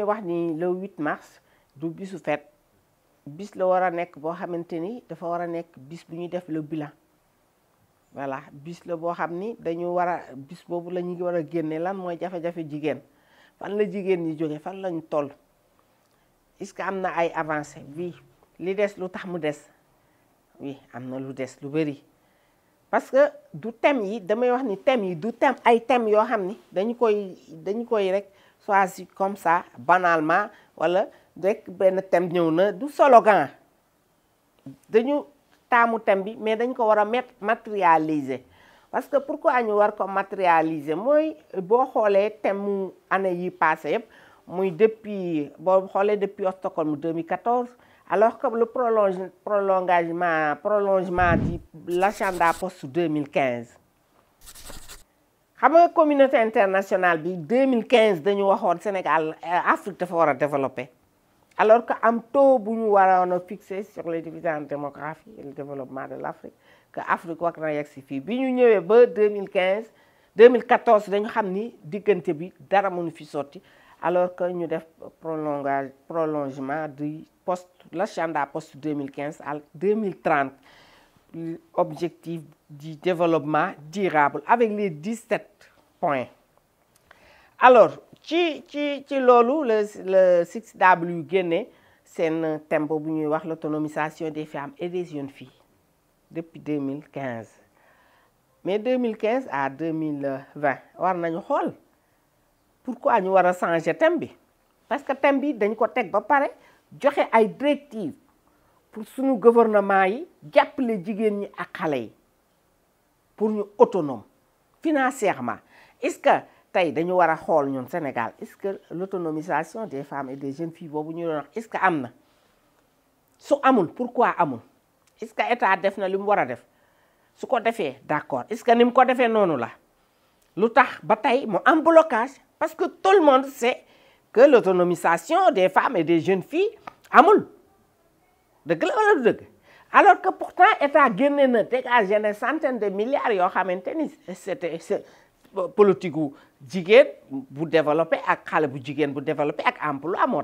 may wax ni le 8 mars du bisu fet bis la war a nekk boo xamante ni dafa war a nekk bis bu ñuy def le bilan voilà bis la boo xam ni dañu war a bis boobu la ñu war a génne lan mooy jafe-jafe jigéen fan la jigéen ñi jóge fan lañu toll est-ce que am na ay avancé oui li des lu tax mu des oui am na lu des lu bëri parce que du thème yi damay wax ni thème yi du tem ay thème yoo xam ni dañu koy dañu koy rek comme ça banalement voilà, rek ben, thème ñëw du slogan dañu nous thème mais nous devons mettre matérialiser parce que pourquoi nous devons ko matérialiser Moi, boo xoolee thème mu année yi passé depuis de depuis Stockholm 2014 alors que le prolongement, prolongement prolongement de l'agenda post 2015 xam nga communauté internationale bi 2015 dañu waxoon Sénégal euh, Afrique dafa war a développer alors que am taux bu ñu waroon a fixé sur les dividendes démographiques et le développement de l' Afrique que Afrique war na yegg si fii bi ñu ñëwee ba 2015 2014 dañu xam ni diggante bi dara mënu fi sotti alors que ñu def prolongage prolongement du poste l'agenda post 2015 à 2030 objectif du développement durable avec les 17 points. Alors, ci ci ci le le 6W c'est un thème pour l'autonomisation des femmes et des jeunes filles depuis 2015 mais 2015 à 2020 war nañu xool pourquoi nous avons changé changer thème parce que thème bi dañ ko teg ba pare directives pour suñu gouvernement yi jàppale jigen ñi ak xalé pour ñu autonome financièrement est-ce que tay dañu wara xol ñun Sénégal est-ce que l'autonomisation des femmes et des jeunes filles bobu ñu est-ce que amna su amul pourquoi amul est-ce que état def na li wara a def su ko d'accord est-ce que nous, fait ko Non. nonu la lu tax ba tay am blocage parce que tout le monde sait que l'autonomisation des femmes et des jeunes filles amul de la alors que pourtant état génne na dégagé na centaine de milliards yo xamante c'était c'était euh, politique gu bu développer, ak xalé bu jigéen bu développer, ak emploi moo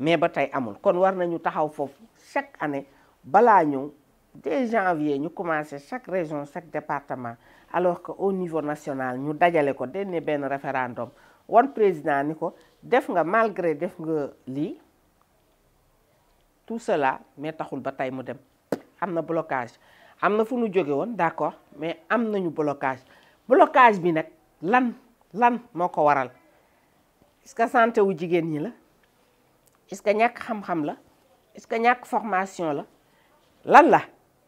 mais ba tey amul kon war nañu taxaw foofu chaque année balaa ñëw dès janvier ñu commençons chaque région chaque département alors que au niveau national ñu dajalé ko denne ben référendum won président niko def nga malgré def nga li tout cela mais taxul ba tey mu dem am na blocage am na fu nu jóge woon d'accord mais am nañu blocage blocage bi nag lan lan moo ko waral est que santé wu jigéen ñi la est-ce que ñàkk xam-xam la est-ce que ñàkk formation la lan la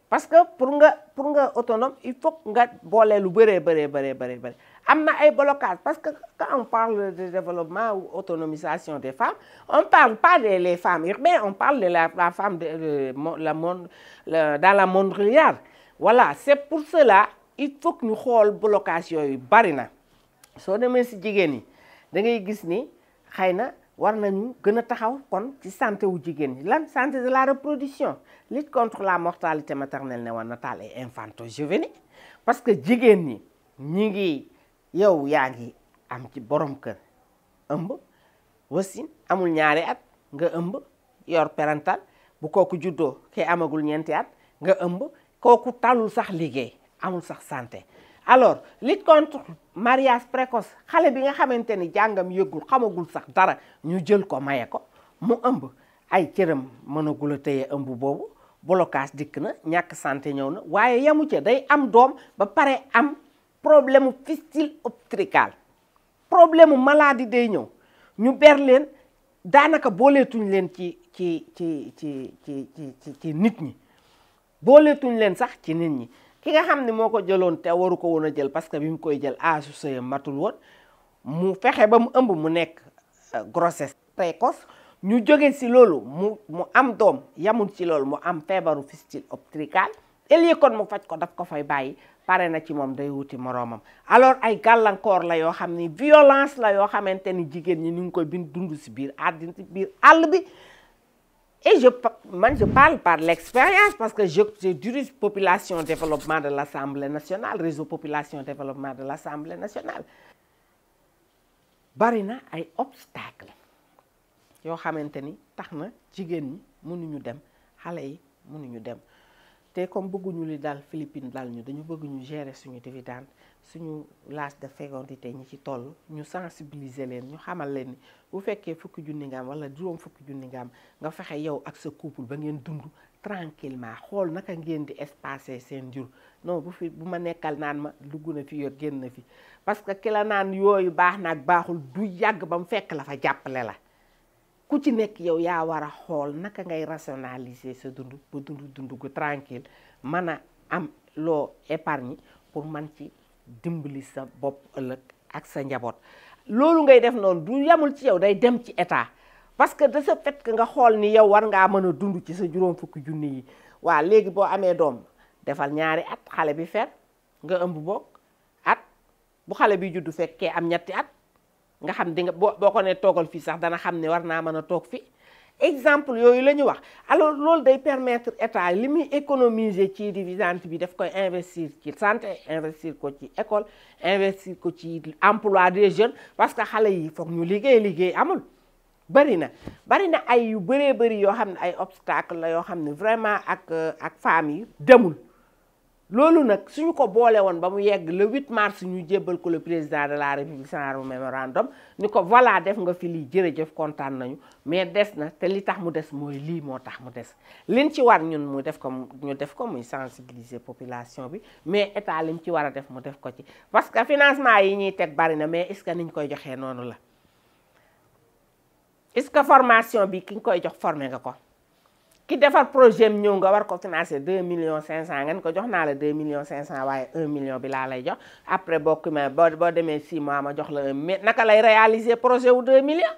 parce que pour nga pour nga autonome il faut nga boole lu bëree bëree bëree bëree bëri y ay blocage parce que quand on parle de développement ou autonomisation des femmes on ne parle pas des femmes urbaines on parle de la, femme de, la monde dans la monde rural voilà c'est pour cela qu'il faut que nous xool blocage yooyu bari na soo demee si jigéen ñi da ngay gis ni war nañu taxaw kon ci santé wu jigéen ñi santé de la reproduction lutte contre la mortalité maternelle néonatale et infanto-juvénile parce que jigéen ñi ñi ngi yow yaa ngi am ci borom kër ëmb wasin amul ñaari at nga ëmb yor parental bu kooku juddoo kee amagul ñeenti at nga ëmb kooku talul sax liggéey amul sax santé alors lutte contre mariage précoce xale bi nga xamante ni jàngam yëgul xamagul sax dara ñu jël ko maye ko mu ëmb ay cëram mënagul a téye ëmb boobu blocage dikk na ñàkk santé ñëw na waaye yamu ca day am doom ba pare am problème fistule obstétricale problème maladie day ñëw ñu ber leen daanaka booleetuñ leen ci ci ci ci ci ci ci nit ñi booleetuñ leen sax ci nit ñi ki nga xam ne moo ko jëloon te waru ko woon a jël parce que bi mu koy jël âge sëyam matul woon mu fexe ba mu ëmb mu nekk euh, grossesse précoce ñu jóge si loolu mu mu am doom yamul ci loolu mu am feebaru fistule obstétricale ëllëg kon mu faj ko daf ko fay bàyyi ci alors la violence la et je parle par l'expérience parce que je je dirige population développement de l'Assemblée nationale réseau population développement de l'Assemblée nationale Il y a obstacle Te kom bougou nou li dal Filipine dal nou, dan nou bougou nou jere sou nyon devidan, sou nyon last da fegan dite, nyon ki tol, nou sensibilize lè, nou kama lè, ou feke fukid yon negam, wala diyon fukid yon negam, nga feke yon akse koupoul, ban yon dondou, trankelman, khol, naka gen di espase sen diyon. Non, bou manè kal nan, lougoune fi, genne fi. Paske ke la nan yoy, bah, nak, bah, oul, bou yag, bam, fek la, fa, djap lè la. ku ci nekk yow ya wara xol naka ngay rationaliser sa dund bu dund dund gu tranquille mana am lo épargne pour man ci dimbali sa bop euleuk ak sa njabot lolou ngay def non du yamul ci yow day dem ci état parce que de ce fait que nga xol ni yow war nga meuna dund ci sa juroom fukk junni yi wa legui bo amé dom defal ñaari at xalé bi fer nga ëmb bok at bu xalé bi juddu fekke am ñetti at nga xam di nga boo ko ne toogal fii sax dana xam ne war naa mën a toog fi exemple yooyu la ñu wax alors loolu day permettre état li muy économiser ci dividende bi daf koy investir ci santé investir ko ci école investir ko ci emploi des jeunes parce que xale yi foog ñu liggéey liggéey amul bari na bari na ay yu bëree bëri yoo xam ne ay obstacle la yoo xam ne vraiment ak ak femmes yi demul loolu nag suñu ko boole woon ba mu yegg le 8 mars ñu jébbal ko le président de la république sanaru mémorandum ni ko voilà def nga fi lii jërëjëf kontaan nañu mais des na te li tax mu des mooy lii moo tax mu des liñ ci war ñun mu def ko ñu def ko muy sensibiliser population bi mais état li lim ci war a def mu def ko ci parce que financement yi ñuy teg bari na mais est-ce que koy joxee noonu la est-ce que formation bi ki nga koy jox formé nga ko ki defar projet am ñëw nga war ko financer deux millions cinq cent ngeen ko jox naa la deux millions cinq cent waaye un million bi laa lay jox après boo ko boo demee six mois jox la un naka lay réaliser projet wu deux millions.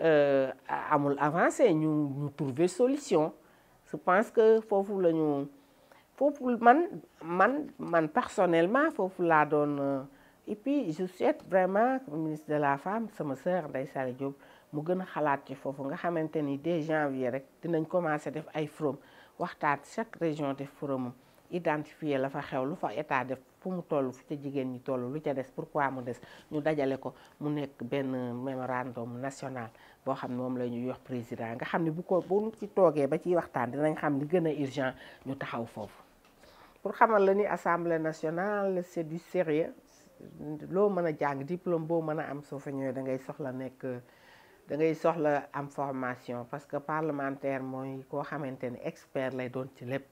Euh, amul avancer, ñu ñu trouver solution je pense que foofu la ñu foofu man man man personnellement foofu la donne. Euh, et puis je souhaite vraiment que ministre de la femme sama sœur Ndeye Saly Diop mu gën a xalaat ci foofu nga xamante ni dès janvier rek dinañ commencer def ay forum waxtaan chaque région des forum. identifier la fa xew lu fa état def fu mu toll fu ca jigéen ñi toll lu ca des pourquoi mu des ñu dajale ko mu nekk benn mémorandum national boo xam ne moom la ñuy wax président nga xam ne bu ko bu ci toogee ba ciy waxtaan dinañ xam li gën a urgent ñu taxaw foofu pour xamal la ni assemblée nationale c'est du sérieux loo mën a jàng diplôme boo mën a am soo fa ñëwee da ngay soxla nekk da ngay soxla am formation parce que parlementaire mooy koo xamante ni expert lay doon ci lépp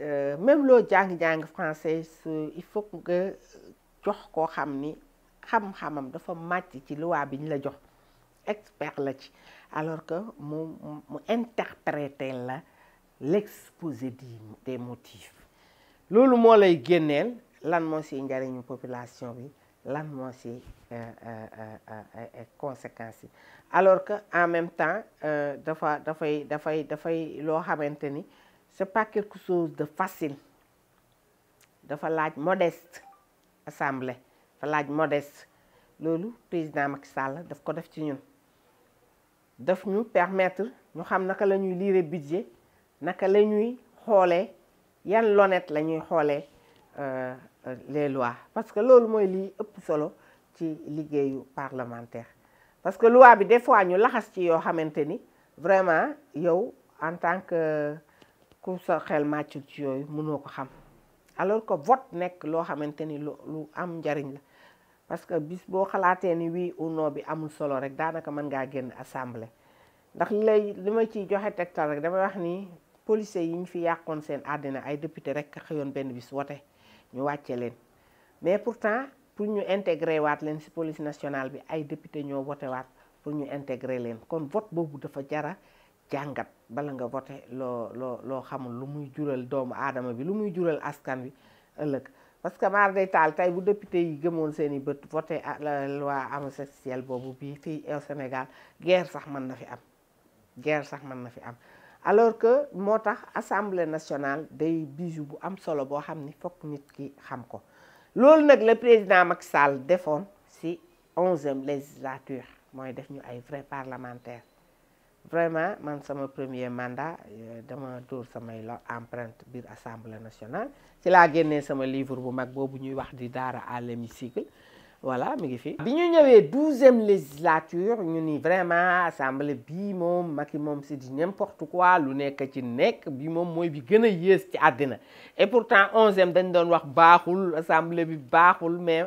Euh, même le jang jang français il faut que jox xam-xamam dafa alors que mu mu l'exposé des motifs lolu qui lay lan population bi euh, euh, conséquences alors que en même temps dafa dafay dafay dafay c'est pas quelque chose de facile dafa laaj modeste assemblée dafa laaj modeste loolu président Macky Sall daf ko def ci ñun daf ñu permettre ñu xam naka la ñuy lire budget naka la ñuy xoolee yan lonet la ñuy euh, les lois parce que loolu mooy lii ëpp solo ci liggéeyu parlementaire parce que loi bi des fois ñu laxas ci yo xamanteni vraiment yow en tant que ku soxeel xel màccul ci yooyu mënoo ko xam alors que vote nekk loo xamante ni lu lu am njariñ la parce que bis boo xalaatee ni wii ou non bi amul solo rek daanaka mën ngaa génn assemblée ndax li lay li may ciy joxe tegtal rek damay wax nii policiers yi ñu fi yàqoon seen àddina ay député rek xëyoon benn bis wote ñu wàcce leen mais pourtant pour ñu intégrer waat leen ci police nationale bi ay député ñoo wote waat pour ñu intégrer leen kon vote boobu dafa jara jàngat bala nga vote loo loo loo xamul lu muy jural doomu aadama bi lu muy jural askan bi ëllëg parce que maar day taal tey bu député yi gëmoon seen i bët voté la loi homosexuelle boobu bii fii au Sénégal guerre sax mën na fi am guerre sax mën na fi am alors que moo tax assemblée nationale day bijou bu am solo boo xam ni fokk nit ki xam ko loolu nag le président Macky Sall defoon si onzième législature mooy def ñu ay vrai parlementaire vraiment man sama premier mandat euh, dama tour sama lo empreinte biir assemblée nationale ci la génnee sama livre bu mag bobu ñuy wax di dara à l'hémicycle voilà mi ngi fi. biñu ñëwé 12e législature ñu ni vraiment assemblée bi mom Macky mom c'est du n'importe quoi lu nekk ci nekk bi mom moy bi gëna yees ci adina et pourtant 11e dañ doon wax baaxul assemblée bi baaxul mais.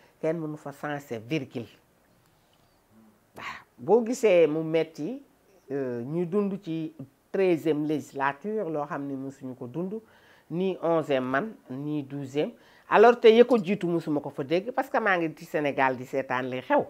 kenn mënu fa sensé virgule waaw boo gisee mu metti euh, ñu dund ci treizième législature loo xam ne mosuñu ko dund nii onzième man nii douzième alors te ye ko jiitu mosuma ko fa dégg parce que maa ngi ci Sénégal di seetaan li xew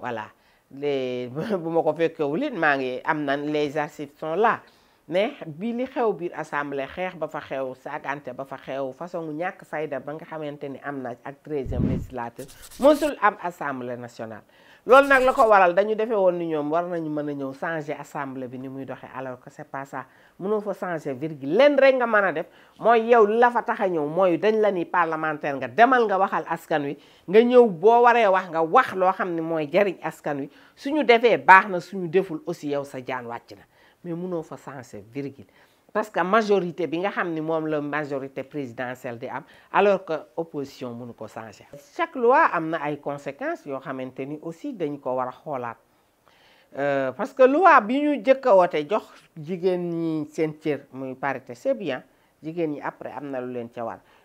voilà les bu ma ko fekkewul it maa ngi am na les archives sont la mais bii li xew biir assemblée xeex ba fa xew saagante ba fa xew façon ñàkk fayda ba nga xamante ni am na ak treizième législature mosul am assemble national loolu nag la ko waral dañu defee woon ni ñoom war nañu mën a ñëw changer assemble bi ni muy doxee alors que c'est pas ça mënoo fa changer virgule lenn rek nga mën a def mooy yow la fa tax a ñëw mooy dañ la ni parlementaire nga demal nga waxal askan wi nga ñëw boo waree wax nga wax loo xam ne mooy jariñ askan wi suñu defee baax na suñu deful aussi yow sa jaan wàcc na mais munoo pas c'est virgule parce que majorité bi la majorité présidentielle alors que opposition pas changer. chaque loi a des conséquences yo xamanteni aussi dañ ko parce que loi jox muy bien après lu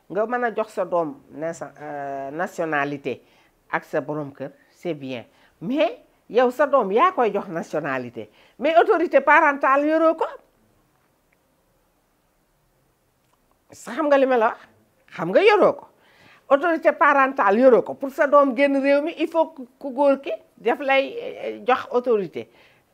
nga euh, nationalité c'est bien mais. yow sa doom yaa koy jox nationalité mais autorité parentale yoroo ko sa xam nga li ma la wax xam nga yoroo ko autorité parental yoroo ko pour sa doom génn réew mi il faut ku góor ki def lay eh, jox autorité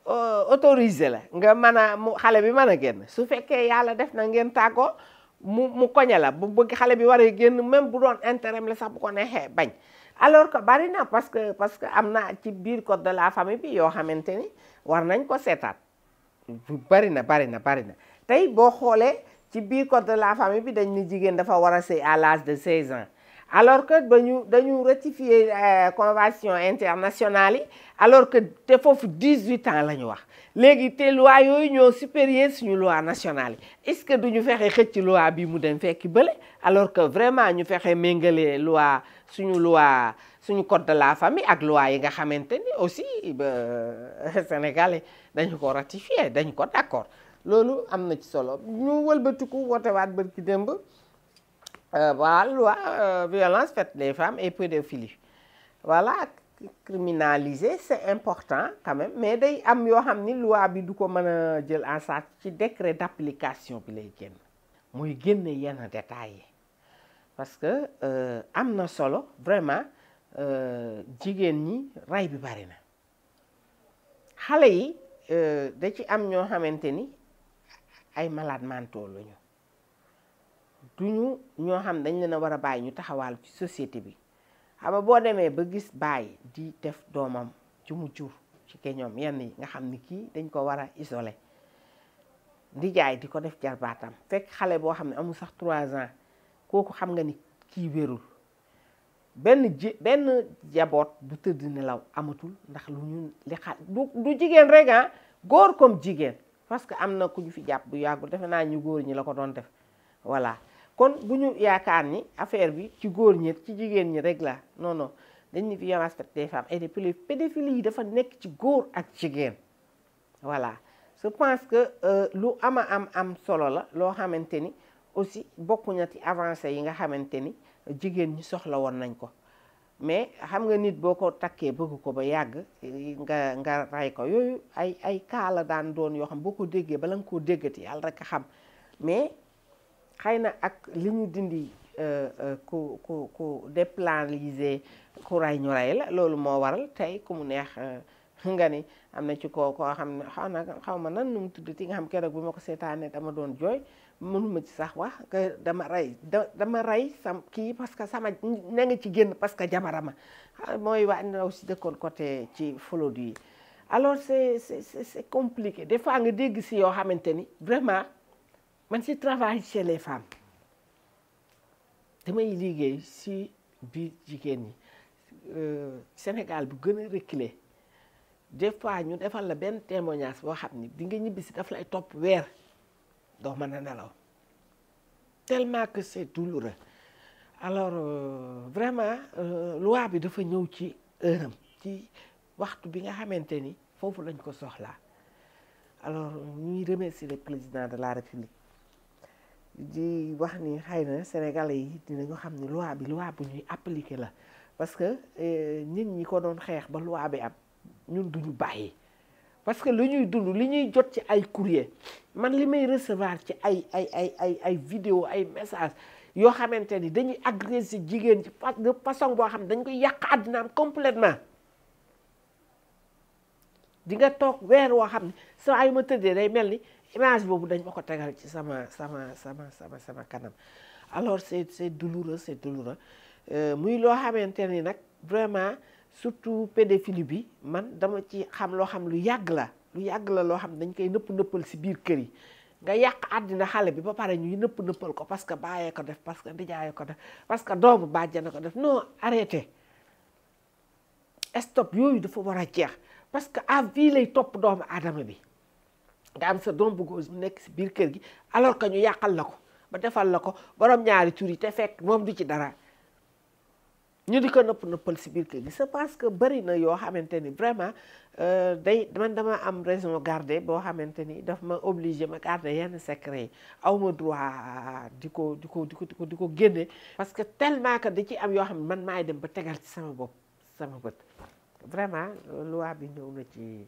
euh, autorisé la nga mën a mu xale bi mën a génn su fekkee yàlla def na ngeen tàggoo mu mu koñe la bu bëgg xale bi waree génn même bu doon intérêt la sax bu ko neexee bañ alors que bari na parce que parce que am na ci biir code de la famille bi yoo xamante ni war nañ ko seetaat bari na bari na bari tey boo xoolee ci biir code de la famille bi dañ ni jigéen dafa war a sëy à l'âge de 16 ans alors que dañu dañu ratifier euh, convention internationale yi alors que te foofu 18 ans la ñu wax léegi te loi yooyu ñoo supérieur suñu loi nationale yi est-ce que duñu fexe xëcc loi bi mu dem fekki bële alors que vraiment ñu fexe méngale luwaa suñu loi suñu code de la famille ak loi yi nga xamante ni aussi ba sénégalais dañu ko ratifié dañu ko d'accord loolu am na ci solo ñu wëlbatiku wootewaat ba ci démb euh, waa loi euh, violence faite des femmes et pédophilie voilà criminaliser c'est important quand même mais day am yoo xam ni loi bi du ko mën jël en charge ci décret d'application bi lay génn muy génne yenn détails yi parce que euh, am na solo vraiment euh, jigéen ñi rey bi bari na xale yi euh, da ci am ñoo xamante ni ay malade mentaux lañu duñu ñoo xam dañ leen a war a bàyyi ñu taxawaal ci société bi xama boo demee ba gis baay di def doomam ci mu jur ci keñoom yenn yi nga xam ni kii dañ ko war a isolé di jaay di ko def jarbaatam fekk xale boo xam ne amul sax trois ans kooku xam nga ni kii wérul benn ji benn jaboot bu tëdd nelaw amatul ndax lu ñu li xa du jigéen rek ah góor comme jigéen parce que am na ku ñu fi jàpp bu yàggul defe naa ñu góor ñi la ko doon def voilà kon bu ñu yaakaar ni affaire bi ci góor ñi ci jigéen ñi rek la noonu non dañ ni violence fi femmes et des yi dafa nekk ci góor ak jigéen voilà je pense que euh, lu am am am solo la loo xamante ni aussi bokkuña na ci avancé yi nga xamante ni jigéen ñi soxla woon nañ ko mais xam nga nit boo ko takkee bëgg ko ba yàgg nga nga ray ko yooyu ay ay kaala daan doon yoo xam boo ko déggee bala nga koo déggati yàlla rek a xam mais xëy na ak li ñu dindi euh, euh, ku ku ku dépénaliser ku rey ñu rey la loolu moo waral tey ku mu neex euh, nga ni am na ci koo xam ne xaw xaw ma nan nu mu tudd ti nga xam keroog bi ma ko seetaanee dama doon jooy mënuma ci sax wax dama rey da dama rey sam kii parce que sama na nga ci génn parce que jabarama mooy waa na aussi dëkkoon côté ci Floride yi alors c'est c'est c'est compliqué des nga dégg si yoo xamante ni vraiment man si travail chez les femmes damay liggéey si biir jigéen ñi euh, Sénégal bu gën a reculé des fois ñu defal la benn témoignage boo xam ni di nga ñibbisi daf lay top weer doo mën a Tel tellement que c'est douloureux alors euh, vraiment euh, loi bi dafa ñëw ci heure am ci waxtu bi nga xamante ni foofu lañ ko soxlaa alors ñuy remercier le président de la République di wax ni xay na sénégal yi dinañu xam ne loi bi loi bu ñuy appliquer la parce que euh, nit ñi ko doon xeex ba loi bi am ñun duñu bàyyi parce que lu ñuy dund li ñuy jot ci ay courier man li may recevoir ci ay ay ay ay ay vidéo ay message yoo xamante ni dañuy agressé jigéen ci de façon boo xam ne dañ koy yàq àddinaam completement di nga toog weer woo xam ne saa yu ma tëddee day mel ni image bobu dañ mako tégal ci sama sama sama sama sama kanam alors c'est c'est douloureux c'est douloureux muy lo xamanteni nak vraiment surtout pédophilie bi man dama ci xam lo xam lu yag la lu yag la lo xam dañ koy nëpp nëppal ci biir kër yi nga yak adina xalé bi ba pare ñuy nëpp nëppal ko parce que bàyyee ko def parce que ndijaay ko def parce que doomu bàjjana ko def non arrêté stop yoyu dafa wara jeex parce que a vie lay top doomu adama bi nga am sa doom bu góor mu nekk si biir kër gi alors que ñu yàqal la ko ba defal la ko borom ñaari tur yi te fekk moom di ci dara ñu di ko nëpp nëppal si biir kër gi c'est parce que bëri na yoo xamante ni vraiment euh, day man dama am raison garde boo xamante ni daf ma obligé ma garder yenn secret yi aw ma droit di ko di ko di ko di ko génne parce que tellement que da ci am yoo xam ne man maay dem ba tegal ci sama bopp sama bët vraiment bi ñëw na ci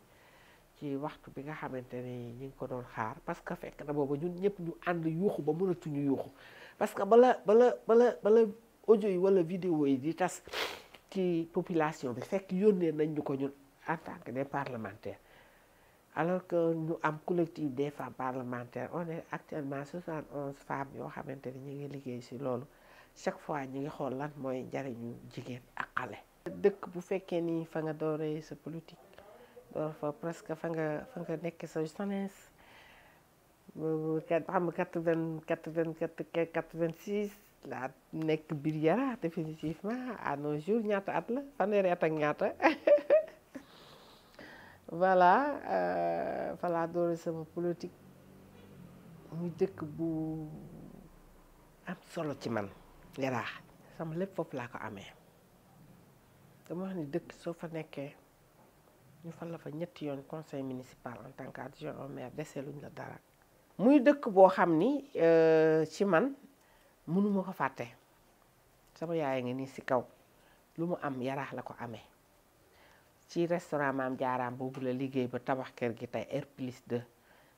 ci waxtu bi nga xamante ne ñu ngi ko doon xaar parce que fekk na booba ñun ñëpp ñu ànd yuuxu ba mënatuñu yuuxu parce que bala bala bala bala ojo yi wala vidéo yi di tas ci population bi fekk yónnee nañ ñu ko ñun en tant que des alors que ñu am collectif des femmes parlementaires on est actuellement 71 femmes yoo xamante ni ñu ngi liggéey si loolu chaque fois ñu ngi xool lan mooy njariñu jigéen ak xale. dëkk bu fekkee nii fa nga dooree sa politique. fa presque fa nga fa nga nekk sa jeunesse xam nga kat vingt ah, quatre vingt quatre vingt six laa nekk biir yara définitivement à nos jours ñata at la fa ne reta ñata voilà fa euh, laa doore sa politique muy dekk bu am solo ci man yara sama lepp foofu la ko amé dama wax ni dekk so fa nekké ñu fa la fa ñetti yoon conseil municipal en tant qu'adjoint au maire deseeluñ la dara muy dëkk boo xam ni euh, ci man mënuma ko fàtte sama yaay ngi ni si kaw lu mu am yaraax la ko amee ci restaurant maam jaaraam boobu la liggéey ba tabax kër gi tey R plus 2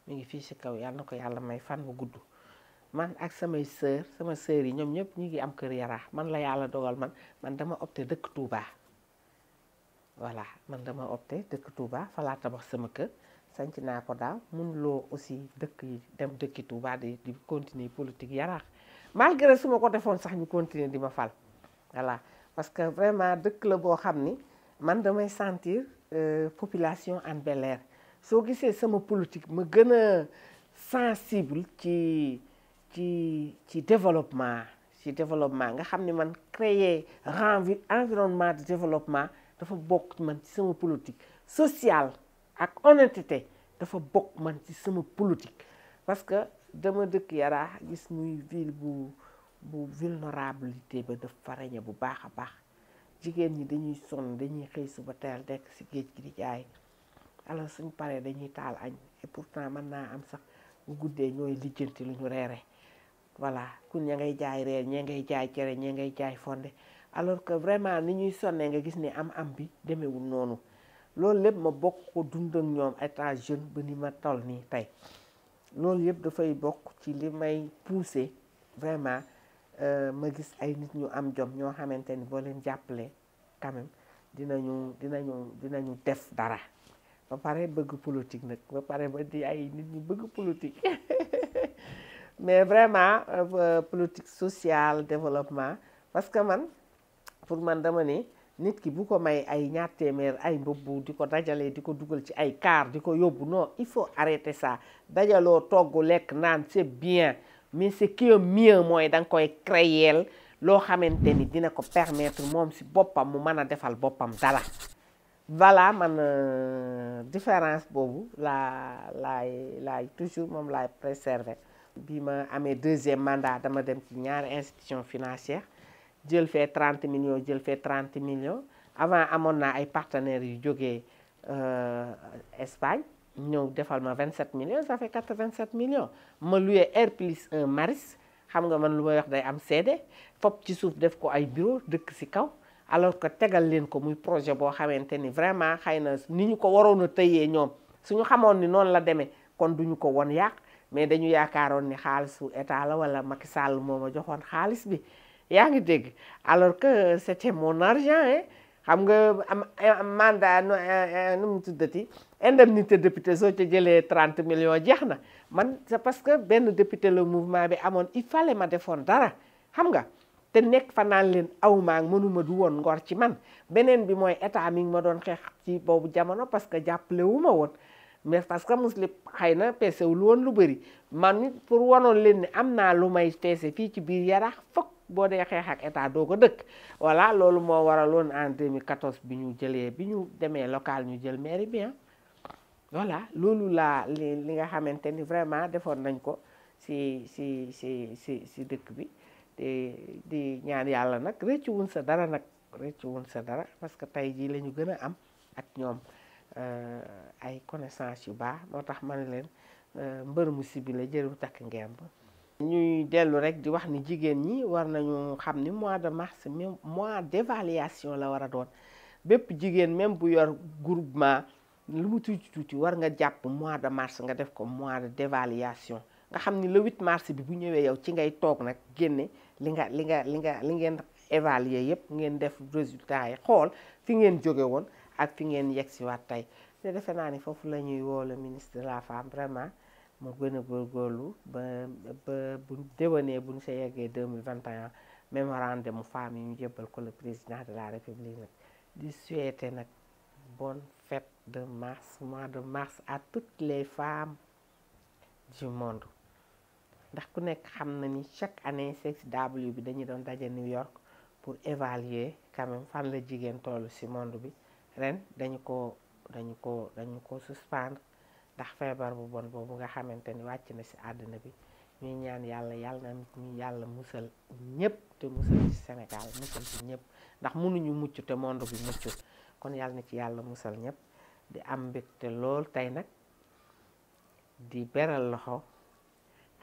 mi ngi fii si kaw yàlla na ko yàlla may fan bu gudd man ak samay sœur sama sœur yi ñoom ñëpp ñu ngi am kër yaraax man la yàlla dogal man man dama opté dëkk Touba. voilà man dama opté dëkk Touba fa laa tabax sama kër sanc naa ko daaw mënuloo aussi dëkk yi dem dëkki Touba di di continuer politique yaraax malgré su ma ko defoon sax ñu continuer di ma fal voilà parce que vraiment dëkk la boo xam ni man damay sentir euh, population en Bel-Air soo gisee sama politique ma gën a sensible ci ci ci développement ci développement nga xam ni man créer environnement de développement dafa bokk man ci sama politique sociale ak honnêteté dafa bokk man ci sama politique parce que dama dëkk Yaraax gis muy ville bu bu vulnérabilité ba daf farañe bu baax a baax jigéen ñi dañuy sonn dañuy xëy suba teel nekk si géej gi di jaay alors suñ paree dañuy taal añ et pourtant mën naa am sax bu guddee ñooy lijjanti lu ñu reere voilà ku ña ngay jaay reer ña ngay jaay cere ñee ngay jaay fonde alors que vraiment ni ñuy sonnee nga gis ni am-am bi demewul noonu loolu lépp ma bokk ko dund ak ñoom état jeune ba ni ma toll nii tey loolu yëpp dafay bokk ci li may pousser vraiment euh, ma gis ay nit ñu am jom ñoo xamante ni boo leen jàppale quand même dinañu dinañu dinañu def dara ba pare bëgg politique nag ba pare ba di ay nit ñu bëgg politique mais vraiment euh, politique sociale développement parce que man. pour man dama ne nit ki bu ko may ay ñaar téeméer ay mbubb di ko dajalee di ko dugal ci ay kaar di ko yóbbu noo il faut arrêter ça dajaloo togg lekk naan c'est bien mais ce qui est mieux mooy danga koy créel loo xamante ni dina ko permettre moom si boppam mu mën a defal boppam dara voilà man euh, différence boobu laa laay laay toujours moom laay préserver bi ma amee deuxième mandat dama dem ci ñaari institution financière J'ai fait 30 millions j'ai fait 30 millions avant amoon ay partenaires yu euh, Espagne ñëw defal 27 millions ça fait 87 millions ma loué R plus 1 Maris xam nga man lu may wax bureau alors que tegal leen ko muy projet boo xamante ni vraiment xëy na ko waroon a tëyee suñu xamoon ni la demee kon duñu ko mais dañu ni état la wala yaa ngi dégg alors que c'était mon argent hein xam nga am mandat euh, nu mu tuddati indemnité député soo ca jëlee trente million jeex na man c'est parce que benn député le mouvement bi amoon il fallait ma defoon dara xam nga te nekk fa naan leen aw maa mënuma du woon ngor ci man beneen bi mooy état mi ngi ma doon xeex ci boobu jamono parce que jàppale ma woon mais parce que muslim xëy na peesewul woon lu bëri mani nit pour wanoon leen ne am naa lu may peese fii ci biir yaraax fokk bo dee xeex ak état do ko dëkk wala loolu moo waraloon en 2014 bi ñu jëlee bi ñu demee local ñu jël mairie bien ah. voilà loolu la li nga xamanteni ni vraiment défon nañ ko si si si si ci dëkk bi di di ñaan yalla nak réccu wun sa dara nak réccu wun sa dara parce que tay ji lañu gëna gën am ak euh ay connaissance yu ba motax man leen euh mbeur musibi la jëru tak ngemb ñuy dellu rek di wax ni jigéen ñi war nañu xam ni mois de mars même mois d'évaluation la war a doon bépp jigéen même bu yor groupement lu mu tuuti tuuti war nga jàpp mois de mars nga def ko mois d'évaluation nga xam ni le huit mars bi bu ñëwee yow ci ngay toog nag génne li nga li nga li nga li ngeen évaluer yépp ngeen def résultat yi xool fi ngeen jóge woon ak fi ngeen yegg si waat tey te defe naa ni foofu la ñuy woo le ministre de la femme vraiment mu gën a góorgóorlu ba ba bu déwénee bu ñu sa yeggee 2021 mémorandum femme yi ñu jébbal ko le président de la république nag di souhaiter nag bonne fête de mars mois de mars à toutes les femmes du monde ndax ku nek xam na ni chaque année CXW bi dañuy don dajé New York pour évaluer quand même fan la jigen toll ci monde bi ren dañ ko dañ ko dañ ko suspendre ndax feebar bu bon boobu nga xamante ni wàcc na si àddina bi ñuy ñaan yàlla yàlla na ñu yàlla musal ñëpp te musal ci Sénégal musal ci ñëpp ndax munuñu mucc te monde bi muccul kon yàlla na ci yàlla musal ñëpp di am mbégte lool tey nag di beral loxo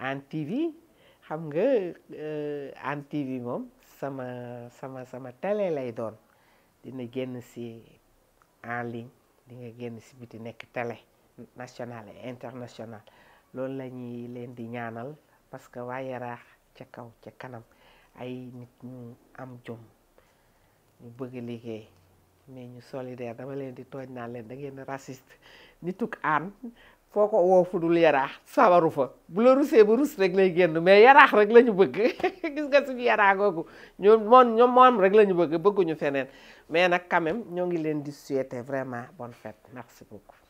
Hann TV xam nga euh, Hann TV moom sama sama sama tele lay doon dina génn si en ligne di nga génn si biti nekk tele nationale et international lool lañuy leen di ñaanal parce que waye raax ci kaw ci kanam ay nit ñu am jom ñu bëgg liggéey mais ñu solidaire dama leen di tooñ naa leen da ngeen raciste nituk aan foo ko woo fudul yaraax sawaru fa bu la rusee ba rus rek lay génn mais yaraax rek lañu bëgg gis nga suñu yaraax googu ñoom moom ñoom moom rek lañu ñu bëgg bëgguñu feneen mais nag quand même ñoo ngi leen di souhaiter vraiment bonne fête merci beaucoup